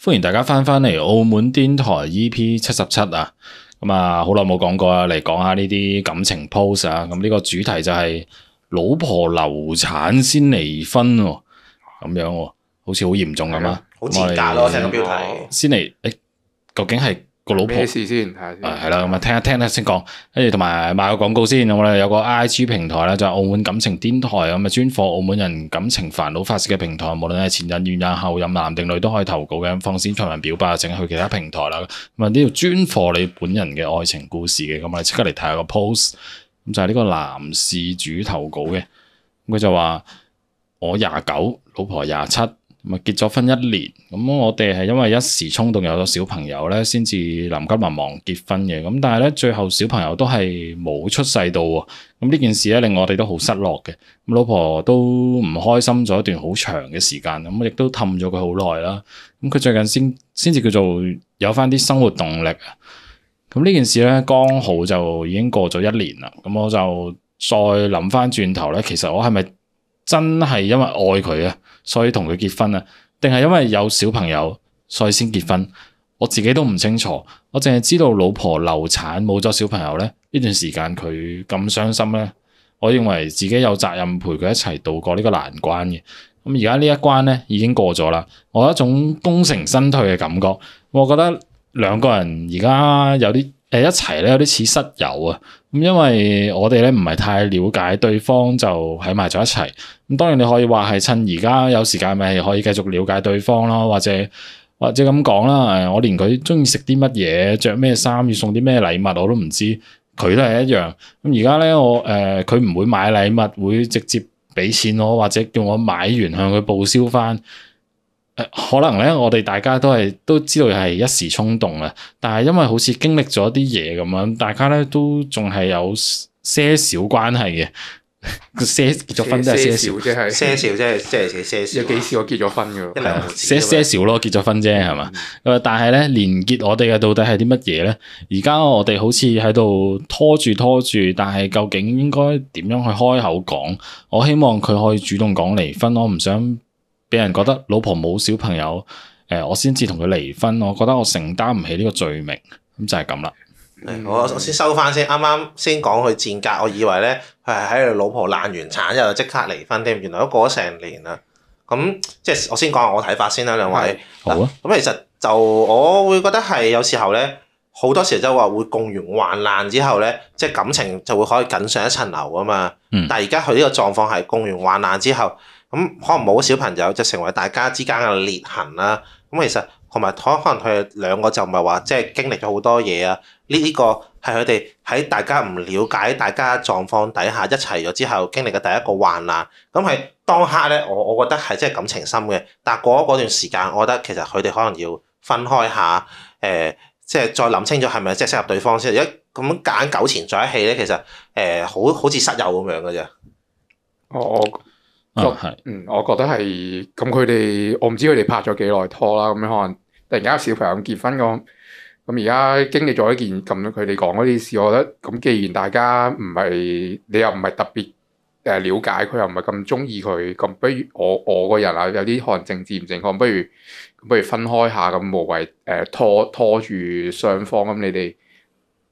歡迎大家翻返嚟澳門電台 EP 七十七啊，咁啊好耐冇講過啊，嚟講下呢啲感情 post 啊，咁、這、呢個主題就係、是、老婆流產先離婚，咁樣，好似好嚴重咁啊，好尷尬咯，聽個標題先嚟，誒，究竟係？個老婆咩事先？係啊，啦，咁啊聽一聽咧先講，跟住同埋賣個廣告先。咁我哋有個 I G 平台咧，就係、是、澳門感情癲台咁啊，專放澳門人感情煩惱發洩嘅平台。無論係前任、現任、後任、男定女都可以投稿嘅，放先才文表白，淨係去其他平台啦。咁啊呢條專放你本人嘅愛情故事嘅，咁啊即刻嚟睇下個 post。咁就係呢個男事主投稿嘅，咁佢就話我廿九，老婆廿七。咪結咗婚一年，咁我哋係因為一時衝動有咗小朋友咧，先至臨急臨忙，忙結婚嘅。咁但係咧，最後小朋友都係冇出世到喎。咁呢件事咧，令我哋都好失落嘅。咁老婆都唔開心咗一段好長嘅時間，咁亦都氹咗佢好耐啦。咁佢最近先先至叫做有返啲生活動力。咁呢件事咧，剛好就已經過咗一年啦。咁我就再諗返轉頭咧，其實我係咪？真係因為愛佢啊，所以同佢結婚啊，定係因為有小朋友所以先結婚？我自己都唔清楚，我淨係知道老婆流產冇咗小朋友咧，呢段時間佢咁傷心咧，我認為自己有責任陪佢一齊度過呢個難關嘅。咁而家呢一關咧，已經過咗啦，我有一種功成身退嘅感覺，我覺得兩個人而家有啲。誒，一齊咧有啲似室友啊，咁因為我哋咧唔係太了解對方就喺埋咗一齊。咁當然你可以話係趁而家有時間咪可以繼續了解對方咯，或者或者咁講啦。誒，我連佢中意食啲乜嘢、着咩衫、要送啲咩禮物我都唔知，佢都係一樣。咁而家咧，我誒佢唔會買禮物，會直接俾錢我，或者叫我買完向佢報銷翻。可能咧，我哋大家都係都知道係一時衝動啊，但係因為好似經歷咗啲嘢咁樣，大家咧都仲係有些少關係嘅，些 結咗婚都係些少，即係些少，即係即係些少。有幾時結咗婚嘅？係啊，些些少咯，結咗婚啫，係嘛？誒，但係咧，連結我哋嘅到底係啲乜嘢咧？而家我哋好似喺度拖住拖住，但係究竟應該點樣去開口講？我希望佢可以主動講離婚，我唔想。俾人覺得老婆冇小朋友，誒、呃，我先至同佢離婚，我覺得我承擔唔起呢個罪名，咁就係咁啦。我先收翻先，啱啱先講佢賤格，我以為咧佢係喺佢老婆爛完產之後即刻離婚添，原來都過咗成年啦。咁即係我先講下我睇法先啦，兩位。好啊。咁其實就我會覺得係有時候咧，好多時就話會共完患難之後咧，即係感情就會可以緊上一層樓啊嘛。嗯、但係而家佢呢個狀況係共完患難之後。咁可能冇小朋友就成為大家之間嘅裂痕啦。咁其實同埋可可能佢兩個就唔係話即係經歷咗好多嘢啊。呢、這、呢個係佢哋喺大家唔了解大家狀況底下一齊咗之後經歷嘅第一個患難。咁係當刻咧，我我覺得係即係感情深嘅。但係過咗嗰段時間，我覺得其實佢哋可能要分開下。誒、呃，即、就、係、是、再諗清楚係咪即係適合對方先。一咁夾硬糾纏在一起咧，其實誒、呃、好好似室友咁樣嘅啫。我我。So, 嗯，我覺得係咁，佢哋我唔知佢哋拍咗幾耐拖啦，咁樣可能突然間有小朋友咁結婚咁，咁而家經歷咗一件咁佢哋講嗰啲事，我覺得咁既然大家唔係，你又唔係特別誒瞭解佢，又唔係咁中意佢，咁不如，我我個人啊有啲可能政治唔正確，不如不如分開下咁，無謂誒拖拖，拖住雙方咁你哋。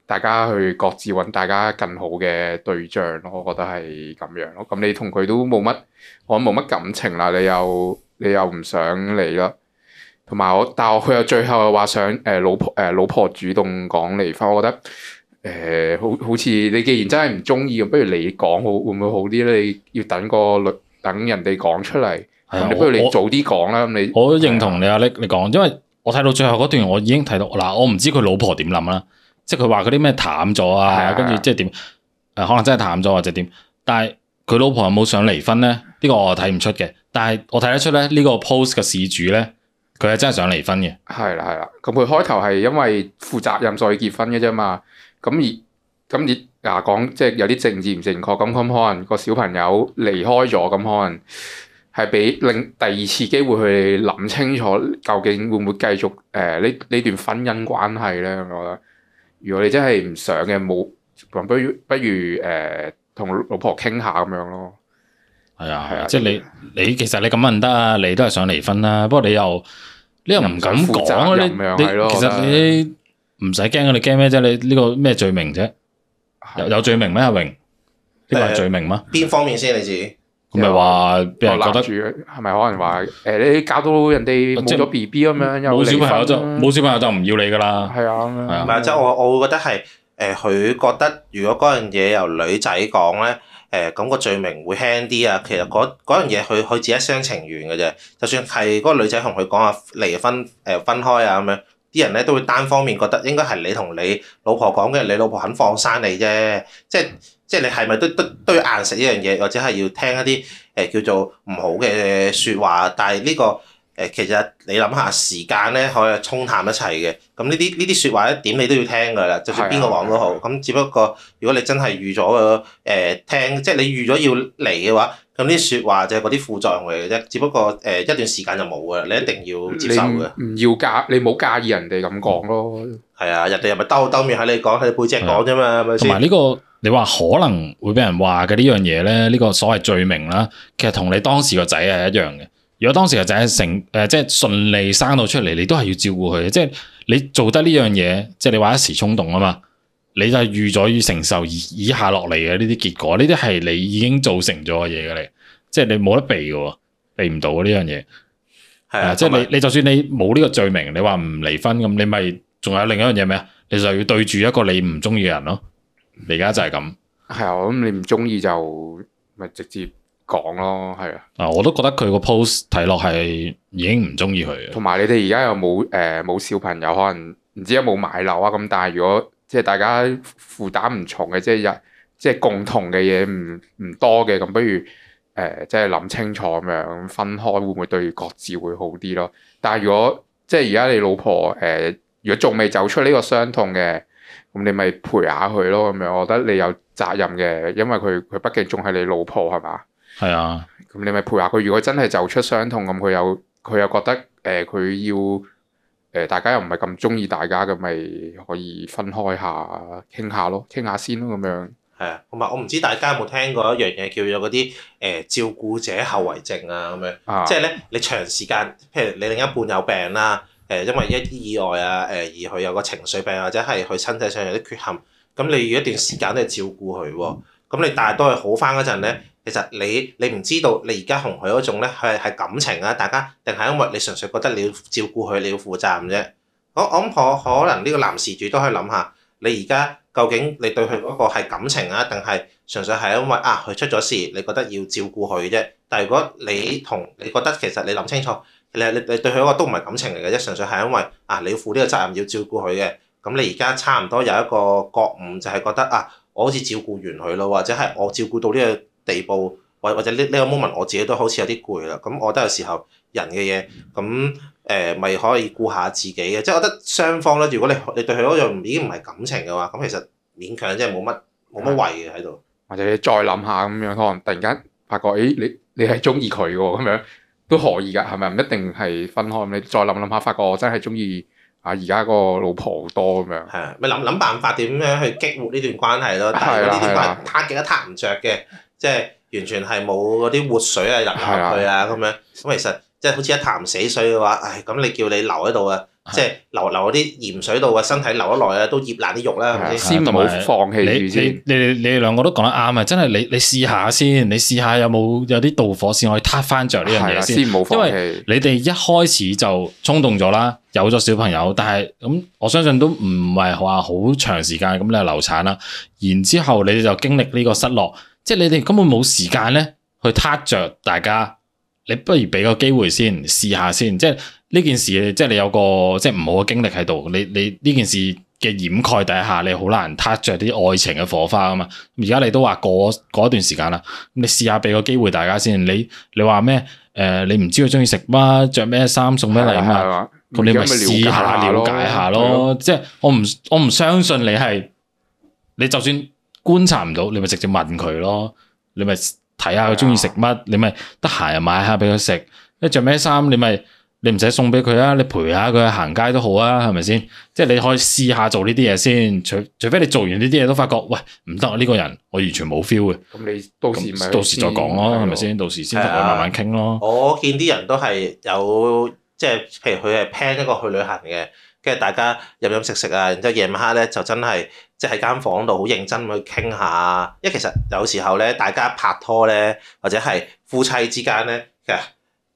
大家去各自揾大家更好嘅對象咯，我覺得係咁樣咯。咁你同佢都冇乜，我冇乜感情啦。你又你又唔想離啦。同埋我，但係佢又最後又話想誒、呃、老婆誒、呃、老婆主動講離婚。我覺得誒、呃、好好似你既然真係唔中意，不如你講好會唔會好啲咧？你要等個律等人哋講出嚟，的你不如你早啲講啦。咁我你我認同你啊，你你講，因為我睇到最後嗰段，我已經睇到嗱，我唔知佢老婆點諗啦。即係佢話嗰啲咩淡咗啊，係啊，跟住即係點？誒，可能真係淡咗或者點？但係佢老婆有冇想離婚咧？呢個我睇唔出嘅。但係我睇得出咧，呢個 post 嘅事主咧，佢係真係想離婚嘅。係啦係啦，咁佢開頭係因為負責任所以結婚嘅啫嘛。咁而咁而啊講即係有啲政治唔正確。咁咁可能個小朋友離開咗，咁可能係俾另第二次機會去諗清楚究竟會唔會繼續誒呢呢段婚姻關係咧？我覺得。如果你真係唔想嘅，冇，咁不如不如誒同、呃、老婆傾下咁樣咯。係啊係啊，即係你、嗯、你其實你咁問得啊，你都係想離婚啦、啊。不過你又你又唔敢講、啊，你你其實你唔使驚，你驚咩啫？你呢個咩罪名啫、啊？啊、有有罪名咩阿榮？呢個係罪名嗎？邊方面先？你自己？唔係話俾人覺得住，係咪可能話誒、欸、你，你搞到人哋冇咗 B B 咁樣，有小朋友就冇小朋友就唔要你噶啦。係啊唔係、啊啊、即係我我會覺得係誒佢覺得如果嗰樣嘢由女仔講咧，誒咁個罪名會輕啲啊。其實嗰樣嘢佢佢自己一廂情願嘅啫，就算係嗰個女仔同佢講啊離婚誒、呃、分開啊咁樣，啲人咧都會單方面覺得應該係你同你老婆講嘅，你老婆肯放生你啫，即係。 即係你係咪都都都要硬食一樣嘢，或者係要聽一啲誒、呃、叫做唔好嘅説話？但係呢、這個誒、呃，其實你諗下時間咧，可以沖淡一切嘅。咁呢啲呢啲説話一點你都要聽㗎啦，就算邊個講都好。咁的只不過如果你真係預咗誒聽，即係你預咗要嚟嘅話。咁啲説話就係嗰啲副作用嚟嘅啫，只不過誒、呃、一段時間就冇嘅啦。你一定要接受嘅。唔要，要介，你冇介意人哋咁講咯。係、嗯、啊，人哋又咪兜兜面喺你講，喺你，你，你背脊講啫嘛，同埋呢個，你話可能會俾人話嘅呢樣嘢咧，呢、這個所謂罪名啦，其實同你當時個仔係一樣嘅。如果當時個仔成誒、呃、即係順利生到出嚟，你都係要照顧佢嘅。即係你做得呢樣嘢，即係你話一時衝動啊嘛。你就係預咗要承受以下落嚟嘅呢啲結果，呢啲係你已經造成咗嘅嘢嘅你，即係你冇得避嘅，避唔到呢樣嘢。係啊，即係你是你就算你冇呢個罪名，你話唔離婚咁，你咪仲有另一樣嘢咩啊？你就要對住一個你唔中意嘅人咯。你而家就係咁。係啊，咁你唔中意就咪直接講咯，係啊。啊，我都覺得佢個 post 睇落係已經唔中意佢。同埋你哋而家又冇誒冇小朋友，可能唔知有冇買樓啊？咁但係如果即係大家負擔唔重嘅，即係日即係共同嘅嘢唔唔多嘅，咁不如誒、呃、即係諗清楚咁樣，分開會唔會對於各自會好啲咯？但係如果即係而家你老婆誒、呃，如果仲未走出呢個傷痛嘅，咁你咪陪下佢咯，咁樣我覺得你有責任嘅，因為佢佢畢竟仲係你老婆係嘛？係啊，咁你咪陪下佢。如果真係走出傷痛，咁佢又佢又覺得誒，佢、呃、要。誒大家又唔係咁中意大家咁，咪可以分開下傾下咯，傾下先咯咁樣。係啊，同埋我唔知大家有冇聽過一樣嘢叫做嗰啲誒照顧者後遺症啊咁樣，即係咧你長時間譬如你另一半有病啦，誒、呃、因為一啲意外啊誒、呃、而佢有個情緒病或者係佢身體上有啲缺陷，咁你要一段時間都係照顧佢喎、啊，咁、嗯、你大多都係好返嗰陣咧。其實你你唔知道你而家同佢嗰種咧，係係感情啊，大家定係因為你純粹覺得你要照顧佢，你要負責任啫。我我可可能呢個男事主都可以諗下，你而家究竟你對佢嗰個係感情啊，定係純粹係因為啊佢出咗事，你覺得要照顧佢啫。但係如果你同你覺得其實你諗清楚，你你你對佢嗰個都唔係感情嚟嘅啫，純粹係因為啊你要負呢個責任要照顧佢嘅。咁你而家差唔多有一個覺悟，就係覺得啊，我好似照顧完佢咯，或者係我照顧到呢個地步或或者呢呢個 moment 我自己都好似有啲攰啦，咁我都有時候人嘅嘢咁誒咪可以顧下自己嘅，即係我覺得雙方咧，如果你你對佢嗰樣已經唔係感情嘅話，咁其實勉強即係冇乜冇乜謂嘅喺度。的或者你再諗下咁樣，可能突然間發覺誒、哎、你你係中意佢嘅咁樣都可以㗎，係咪？唔一定係分開你再諗諗下，發覺我真係中意啊而家個老婆多咁樣。係咪諗諗辦法點樣去激活呢段關係咯？但係呢段關係撻極都撻唔着嘅？即係完全係冇嗰啲活水啊入落去啊咁的樣，咁其實即係好似一潭死水嘅話，唉，咁你叫你留喺度啊，的即係留留嗰啲鹽水度個身體留得耐啊，都醃爛啲肉啦，的先冇放棄住先。你你你哋兩個都講得啱啊！真係你你試下先，你試，下，你試下有冇有啲導火線可以撻翻着呢樣嘢先，先因為你哋一開始就衝動咗啦，有咗小朋友，但係咁我相信都唔係話好長時間咁你就流產啦，然之後，後你哋就經歷呢個失落。即係你哋根本冇時間咧去撻着大家，你不如俾個機會先試下先。即係呢件事，即係你有個即係唔好嘅經歷喺度，你你呢件事嘅掩蓋底下，你好難撻着啲愛情嘅火花啊嘛。而家你都話過過一段時間啦，你試下俾個機會大家先。你你話咩？誒，你唔、呃、知佢中意食乜，着咩衫，送咩禮物，咁、啊、你咪試下了解下咯。了即係我唔我唔相信你係你就算。觀察唔到，你咪直接問佢咯。你咪睇、啊、下佢中意食乜，你咪得閒又買下俾佢食。你着咩衫，你咪你唔使送俾佢啊。你陪下佢行街都好啊，係咪先？即係你可以試下做呢啲嘢先。除除非你做完呢啲嘢都發覺，喂唔得啊！呢、這個人我完全冇 feel 嘅。咁你到時咪到時再講咯，係咪先？到時先同佢慢慢傾咯。我見啲人都係有，即係譬如佢係 plan 一個去旅行嘅。跟住大家飲飲食食啊，然之後夜晚黑咧就真係即係喺間房度好認真咁去傾下。因為其實有時候咧，大家拍拖咧，或者係夫妻之間咧嘅，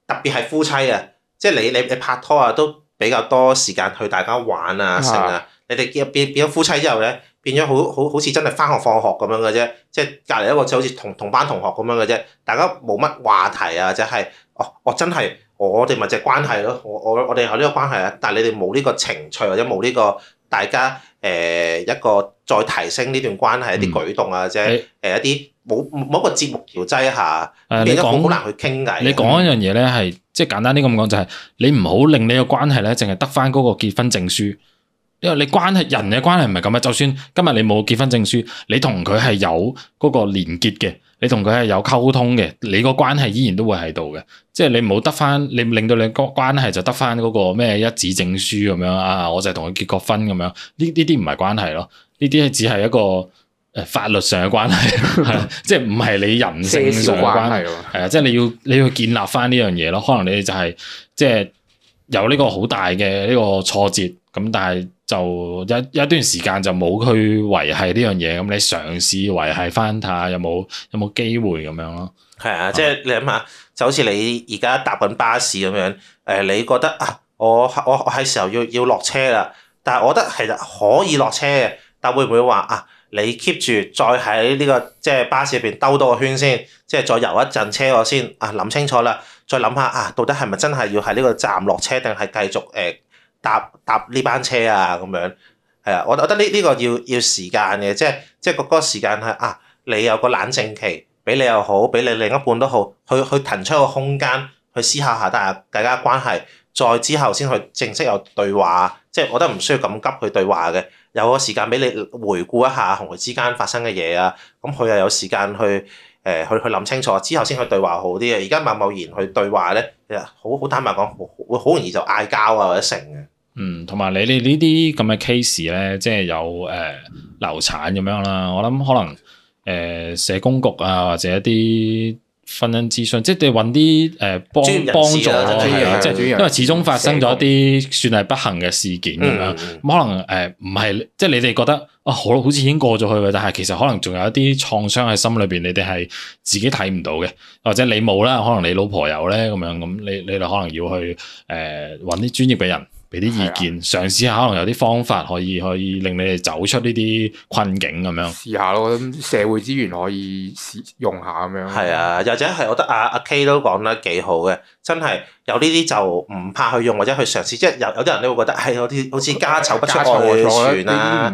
特別係夫妻啊，即係你你你拍拖啊，都比較多時間去大家玩啊食啊。的你哋變變變咗夫妻之後咧，變咗好好好似真係返學放學咁樣嘅啫，即係隔離一個就好似同同班同學咁樣嘅啫，大家冇乜話題啊，或者係哦我真係。我哋咪就係關係咯，我我我哋係呢個關係啊，但係你哋冇呢個情趣或者冇呢個大家誒、呃、一個再提升呢段關係一啲舉動啊，即係誒一啲冇冇一個節目調劑一下，啊、你都說好難去傾偈，就是就是。你講一樣嘢咧係即係簡單啲咁講就係，你唔好令你個關係咧淨係得返嗰個結婚證書，因為你關係人嘅關係唔係咁啊。就算今日你冇結婚證書，你同佢係有嗰個連結嘅。你同佢係有溝通嘅，你個關係依然都會喺度嘅，即係你唔好得翻，你令到你個關係就得翻嗰個咩一紙證書咁樣啊，我就係同佢結過婚咁樣，呢呢啲唔係關係咯，呢啲只係一個法律上嘅關係，即係唔係你人性上嘅關係啊， 即係你要你要建立翻呢樣嘢咯，可能你就係即係有呢個好大嘅呢個挫折咁，但係。就有一段時間就冇去維係呢樣嘢，咁你嘗試維係翻睇下有冇有冇機會咁樣咯。係啊的，嗯、即係你諗下，就好似你而家搭緊巴士咁樣，誒、呃，你覺得啊，我我我係時候要要落車啦，但係我覺得其實可以落車嘅，但會唔會話啊？你 keep 住再喺呢、這個即係巴士入邊兜多個圈先，即係再遊一陣車我先啊，諗清楚啦，再諗下啊，到底係咪真係要喺呢個站落車，定係繼續誒，呃搭搭呢班車啊，咁樣係啊，我我覺得呢呢個要要時間嘅，即係即係嗰嗰個時間係啊，你有個冷靜期，俾你又好，俾你另一半都好，去去騰出個空間去思考下，大大家關係再之後先去正式有對話，即係我覺得唔需要咁急去對話嘅，有個時間俾你回顧一下同佢之間發生嘅嘢啊，咁佢又有時間去。誒去去諗清楚之後先去對話好啲嘅，而家貿貿然去對話咧，好好坦白講，會好容易就嗌交啊或者成嘅。嗯，同埋你你這這呢啲咁嘅 case 咧，即係有誒、呃、流產咁樣啦，我諗可能誒、呃、社工局啊或者一啲。婚姻諮詢，即係揾啲誒幫幫助啊，即係因為始終發生咗一啲算係不幸嘅事件咁、嗯嗯、樣，可能誒唔係即係你哋覺得啊、哦、好好似已經過咗去嘅，但係其實可能仲有一啲創傷喺心裏邊，你哋係自己睇唔到嘅，或者你冇啦，可能你老婆有咧咁樣，咁你你哋可能要去誒揾啲專業嘅人。俾啲意見，啊、嘗試下可能有啲方法可以可以令你哋走出呢啲困境咁樣。試下咯，我社會資源可以試用下咁樣。係啊，又或者係我覺得阿阿 K 都講得幾好嘅，真係有呢啲就唔怕去用或者去嘗試，即係有有啲人都會覺得係嗰啲好似家醜不出外傳啦，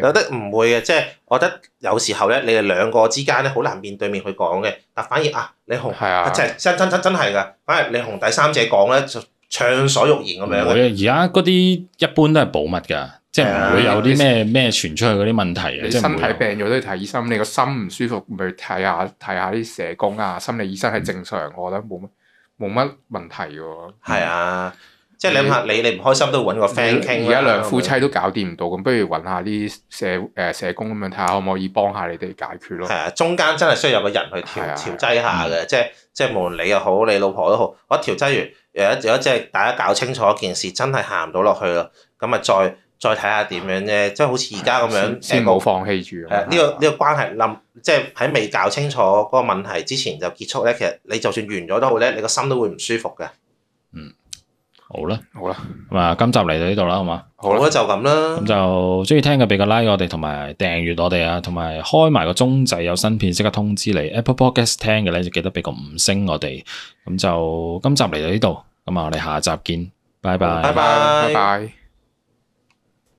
有得唔會嘅、哎，即係我覺得有時候咧，你哋兩個之間咧好難面對面去講嘅，嗱，反而啊李紅，係啊，真真真真係㗎，反而你同第三者講咧暢所欲言咁樣，而家嗰啲一般都係保密噶，啊、即係唔會有啲咩咩傳出去嗰啲問題。你身體病咗都要睇醫生，嗯、你個心唔舒服咪睇下睇下啲社工啊，心理醫生係正常，嗯、我覺得冇乜冇乜問題嘅。係啊。嗯即係諗下你，你唔開心都揾個 friend 傾。而家兩夫妻都搞掂唔到咁，不如揾下啲社誒、呃、社工咁樣睇下可唔可以幫下你哋解決咯。係啊，中間真係需要有個人去調、啊、調劑下嘅、嗯，即係即係無論你又好，你老婆都好，我調劑完，如果，如果即係大家搞清楚一件事，真係行唔到落去啦，咁啊再再睇下點樣啫。即係好似而家咁樣先冇放棄住。呢、啊啊這個呢、這個關係冧，即係喺未搞清楚嗰個問題之前就結束咧。其實你就算完咗都好咧，你個心都會唔舒服嘅。嗯。好啦了，好啦，咁啊了，今集嚟到呢度啦，好嘛？好啦，就咁啦。咁就中意聽嘅畀個 like 我哋，同埋訂閱我哋啊，同埋開埋個鐘仔，有新片即刻通知你。Apple Podcast 聽嘅咧，就記得畀個五星我哋。咁就今集嚟到呢度，咁啊，我哋下集見，拜拜，拜拜。拜拜，拜拜。